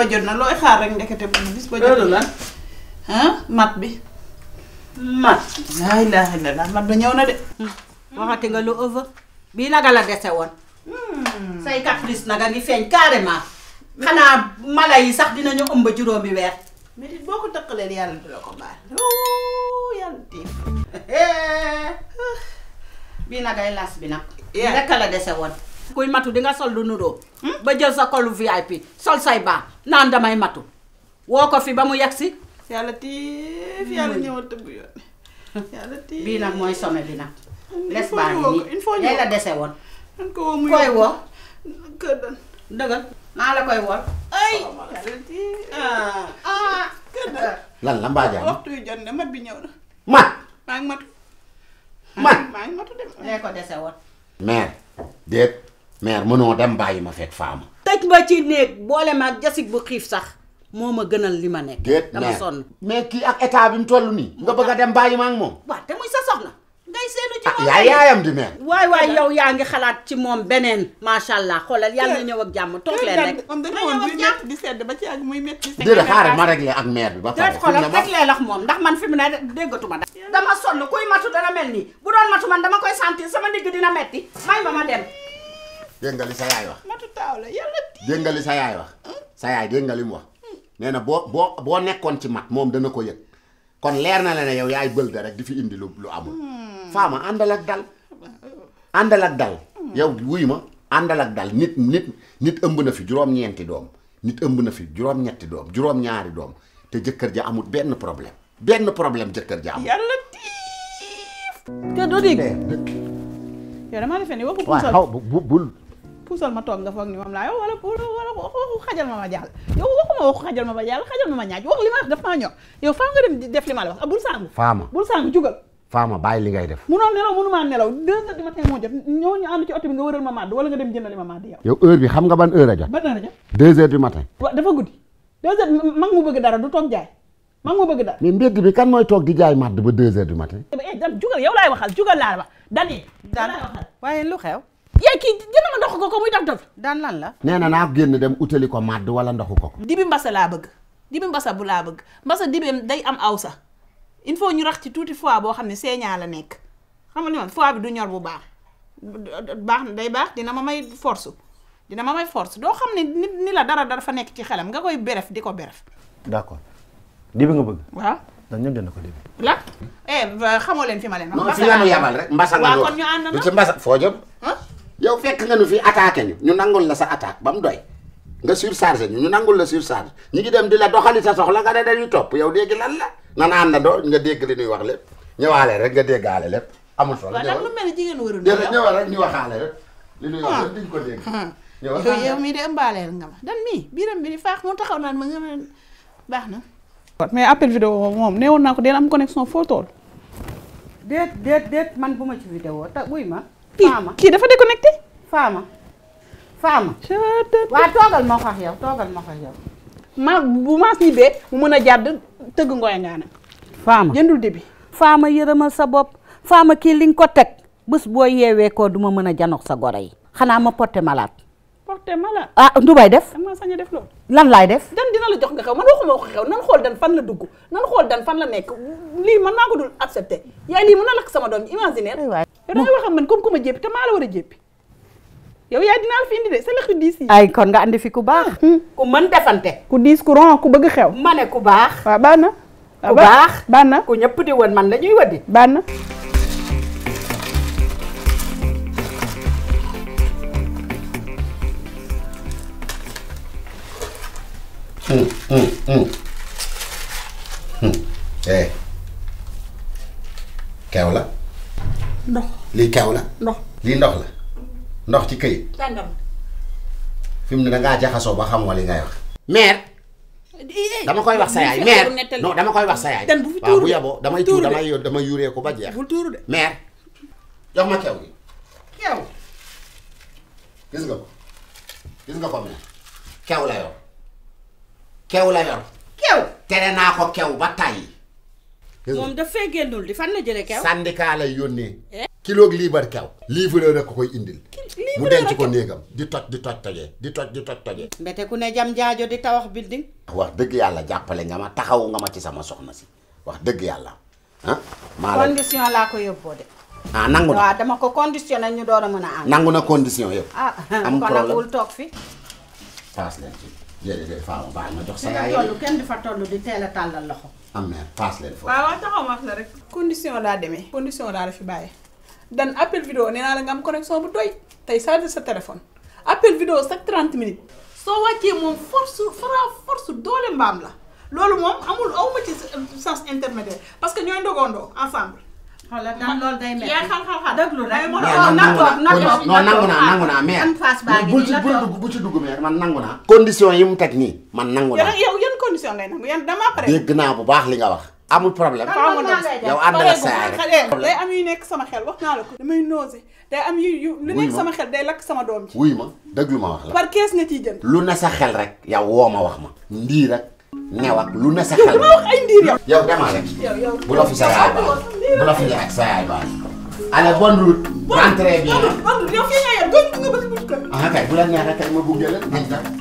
ba jot na looy xaar rek ndekete bis ba jot na mat bi mat laa la illallaah mat ba ñëw na de hmm. waxati nga lu ëpp bii naga la dese woon hmm. say caprice naga xanaa mala yi sax dinañu ëmb juróomi weer mais it boo ko dëkkaleel la ko baal yàlla las bi nag naka la dese woon kuy matu di nga sol lu nuroo hmm? ba jël sa kolu VIP sol say baa naan damay matu woo ko fi ba mu yegg si. yàlla tiif bii nag mooy sommet bi nag. les baa nii la dese woon. nan ko woo muy koy woo. Ah. Ah. ne mat bi ñëw na. mat maa ngi mat maa ko dese woon. mère déet. mère mënoo dem bàyyi ma fekk faama. tëj ma ci néeg boole ma ak jasig bu xiif sax moom ma gënal li ma nekk. déet dama sonn mais kii ak état bi mu toll nii. nga bëgg dem bàyyi ma ak moom. waaw te sa soxna. ngay seenu ci ah, moom yaay yaa ngi xalaat ci moom beneen. macha allah xoolal yàlla na ñëw ak jàmm toog leen rek. ma ñëw ak sedd ba ci ak muy métti. déedéet ma réglé ak bi ba pare. déet xoolal rek lee lax moom ndax man fi mu ne déggatuma dama sonn kuy matu dana mel nii bu doon matu man dama koy sentir sama ndigg dina metti may ma ma dem dégg nga li sa yaay wax. matu taaw la yàlla tii. dégg nga sa yaay wax. Hmm? wax. Hmm. nee na boo boo boo nekkoon ci mat moom dana ko yëg kon leer na la ne yow yaay bël da rek di fi indi lu lu amul. Hmm. faama àndal ak dal. àndal ak dal. yow wuy ma àndal ak dal nit nit ëmb na fi juróom-ñeenti doom nit ëmb na fi juróom-ñetti doom juróom-ñaari doom te jëkkër ja amul benn problème benn problème jëkkër ja amul. yàlla tiif. kër bu puusal ma toog nga foog ni moom laa yow wala wala waxu ma ma jàll yow waxuma waxu xajal ma ma jàll xajal ma ma ñaaj wax li ma wax daf maa ñor yow faaw nga dem def li ma la wax ah, bul sàng faama bul sàng jugal faama bàyyi li ngay def munoon nelaw mënu maa nelaw deux heures du moo jot ñoo ñu ànd ci oto bi nga wëral ma màdd wala nga dem jëndali ma màdd yow yow heure bi xam nga ban heure a jot ban heure a jot deux du matin waaw dafa guddi deux heures mag mu bëgg dara du toog jaay mag mu bëgg dara mais mbedd bi kan mooy toog di jaay màdd ba deux heures du matin eh, jugal yow laay waxal jugal laa wax dani nga ko muy dof dof daan lan la nee na naa génn dem utali ko màdd wala ndoxu ko dibi mbasa laa bëgg dibi mbasa bu laa bëgg mbasa dibeem day am aw sa il faut ñu rax ci tuuti fois boo xam ne seeñaa la nekk xam nga li ma fois bi du ñor bu baax baax day baax dina ma may force dina ma may force doo xam ne nit ni la dara dara fa nekk ci xelam nga koy beref di ko beref d'accord dibi nga bëgg waaw ndax ñoom dina ko dibi la eh xamoo leen fi ma leen wax mbasa laa du ci mbasa foo yow fekk nga nu fi attaqué ñu ñu nangul la sa attaque ba mu doy nga surchargé ñu ñu nangul la surcharge ñu ngi dem di la doxali sa soxla nga ne dañuy topp yow léegi lan la nan àndandoo nga dégg li ñuy wax lépp ñëwaale rek nga déggaale lépp amul solo ñëwal lu mel ni jigéen warul ñëwal rek ñu waxaale rek li ñuy wax lépp ah. duñ ko dégg hmm. ñëwal yow mii de ëmbaaleel nga ma dan mii biiram bi di faax mu taxaw naan ma nga baax na mais appel vidéo moom neewoon naa ko deen am connexion foo tool déet déet déet man bu ma ci vidéo ta wuy ma faama kii dafa déconnecté. faama faama. waa toogal ma wax yow toogal ma wax yow. ma bu maas ñi dee mën a jàdd tëgg ngooy ngaana. faama jëndul dibi. faama yërëmal sa bopp faama kii li nga ko teg bés boo yeewee ko du ma mën a janox sa goro yi xanaa ma porté malaat porté malade ah ndu bay def. dama sañ def loolu. lan laay def. dan dina la jox nga xew man waxuma ko xew nan xool dan fan la dugg nan xool dan fan la nekk lii man naa ko dul accepté yaay lii mën na lakk sama doom imaginaire. waay yow da ngay wax ak man comme ku ma a yow yaay dinaa la fi indi de sa lëkk diis yi. ay kon nga andi fi ku baax. Ah, hmm. ku mën defante. ku diis ku ron ku bëgg xew. ma ne ku baax. waaw baax na. ku baax baax na ñëpp di woon man la ñuy wëddi. baax na. Mm, mm. hmm. eh. kew la. ndox li keew la. ndox lii ndox la ndox ci këy. sàngam. fi mu ne da jaxasoo ba xamoo li ngay wax. mère. dama koy wax sa yaay mère non dama koy wax sa yaay. bu fi tuuru waaw bu yaboo damay tuur damay damay yuuree ko ba jeex. bul tuuru de mère. jox ma keew gi. keew. gis nga ko gis nga ko mère keew la yow. kew la yor. kew tere naa ko kew ba tàyyi. moom def fee génnul di fan la jëlee kew. syndicat yoon nii eh? kiloog liibar kew. liivreur rek ko koy indil. mu denc ko néegam di toj di toj tojee di toj di toj tojee. mbete ku ne jam jaajo di tawax building. wax dëgg yàlla jàppale nga ma taxawu nga ma ci sama soxna si wax dëgg yàlla ah. maa la condition laa ko yóbboo de. Ah, nangu na dama ko conditionné ñu door a mën a ànd. nangu na condition yëpp. Ah, am problème ah kon toog fi. jërëjëf Fama baax na jox sa yaay kenn di fa di teel a tàllal loxo. am na paas leen foofu. waaw ah, waaw taxaw ma la rek. condition laa demee. condition laa la fi bàyyi. dan appel vidéo nee naa la nga am connexion bu doy tey chargé sa téléphone appel vidéo chaque 30 minutes. soo wàccee moom force fara force doole mbaam la loolu moom amul awma ci sens intermédiaire parce que ñooy ndogandoo ensemble. xoolal daal loolu day métti yaa xam xam xam déglu rek. non nangu naa nangu naa nangu naa la ci bu man nangu naa. condition yi mu teg nii man nangu naa. yow yan condition ngay nangu yan dama naa bu baax li nga wax. amul problème yow ànd ak am yu nekk sama xel wax naa la ko. am yu lu nekk sama xel day lakk sama doom ci. wuy ma déglu ma wax la. par kees nga ciy jënd. lu ne sa xel rek. yow woo ma wax ma. ndii rek new ak lu na sa xel. yow demal rek. bu la fi sa yaay baal bu la fi sa yaay baal. allez bonne route. rentrez bien. ah kay bu la neexee kay ma gunge la nañ dem.